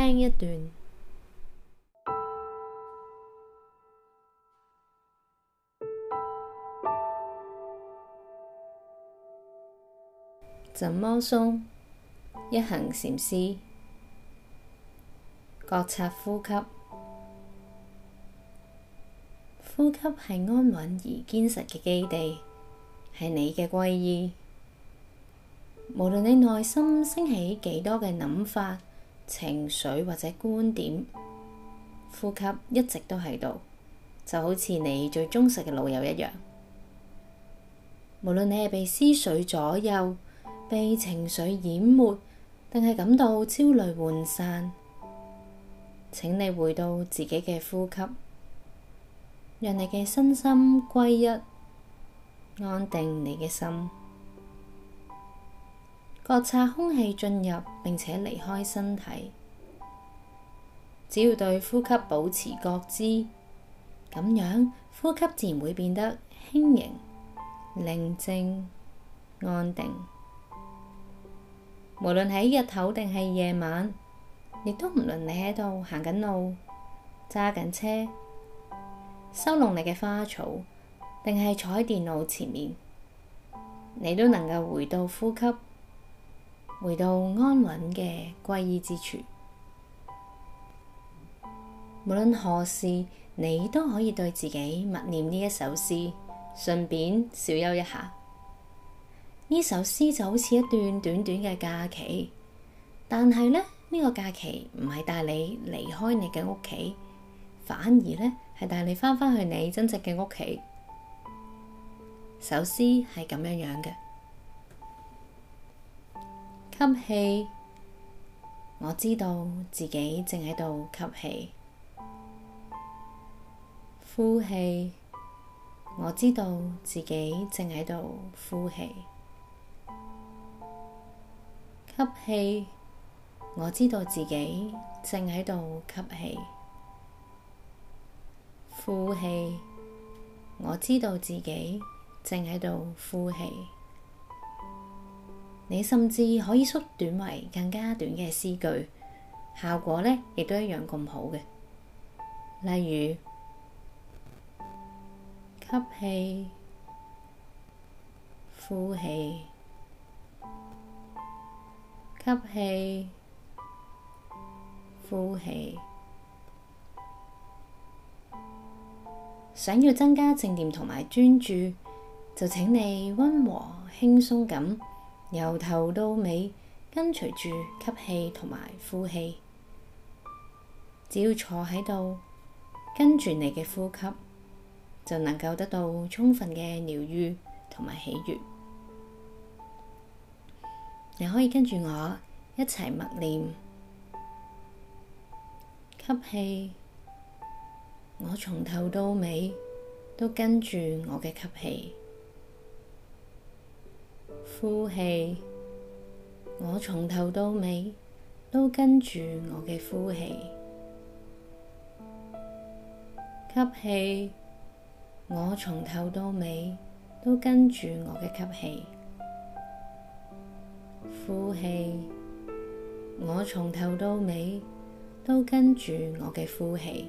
聽一段。怎麼鬆？一行禪師，覺察呼吸，呼吸係安穩而堅實嘅基地，係你嘅歸依。無論你內心升起幾多嘅諗法。情緒或者觀點，呼吸一直都喺度，就好似你最忠實嘅老友一樣。無論你係被思緒左右，被情緒淹沒，定係感到焦慮渙散，請你回到自己嘅呼吸，讓你嘅身心歸一，安定你嘅心。覺察空氣進入並且離開身體，只要對呼吸保持覺知，咁樣呼吸自然會變得輕盈、寧靜、安定。無論喺日頭定係夜晚，亦都唔論你喺度行緊路、揸緊車、收攏你嘅花草，定係坐喺電腦前面，你都能夠回到呼吸。回到安穩嘅歸依之處，無論何事，你都可以對自己默念呢一首詩，順便小休一下。呢首詩就好似一段短短嘅假期，但係呢，呢，呢個假期唔係帶你離開你嘅屋企，反而呢係帶你翻返去你真正嘅屋企。首詩係咁樣樣嘅。吸氣，我知道自己正喺度吸氣；呼氣，我知道自己正喺度呼氣。吸氣，我知道自己正喺度吸氣；呼氣，我知道自己正喺度呼氣。你甚至可以縮短為更加短嘅詩句，效果呢亦都一樣咁好嘅。例如吸氣、呼氣、吸氣、呼氣。想要增加正念同埋專注，就請你温和輕鬆咁。由頭到尾跟隨住吸氣同埋呼氣，只要坐喺度跟住你嘅呼吸，就能夠得到充分嘅療愈同埋喜悅。你可以跟住我一齊默念：「吸氣，我從頭到尾都跟住我嘅吸氣。」呼氣，我從頭到尾都跟住我嘅呼氣。吸氣，我從頭到尾都跟住我嘅吸氣。呼氣，我從頭到尾都跟住我嘅呼氣。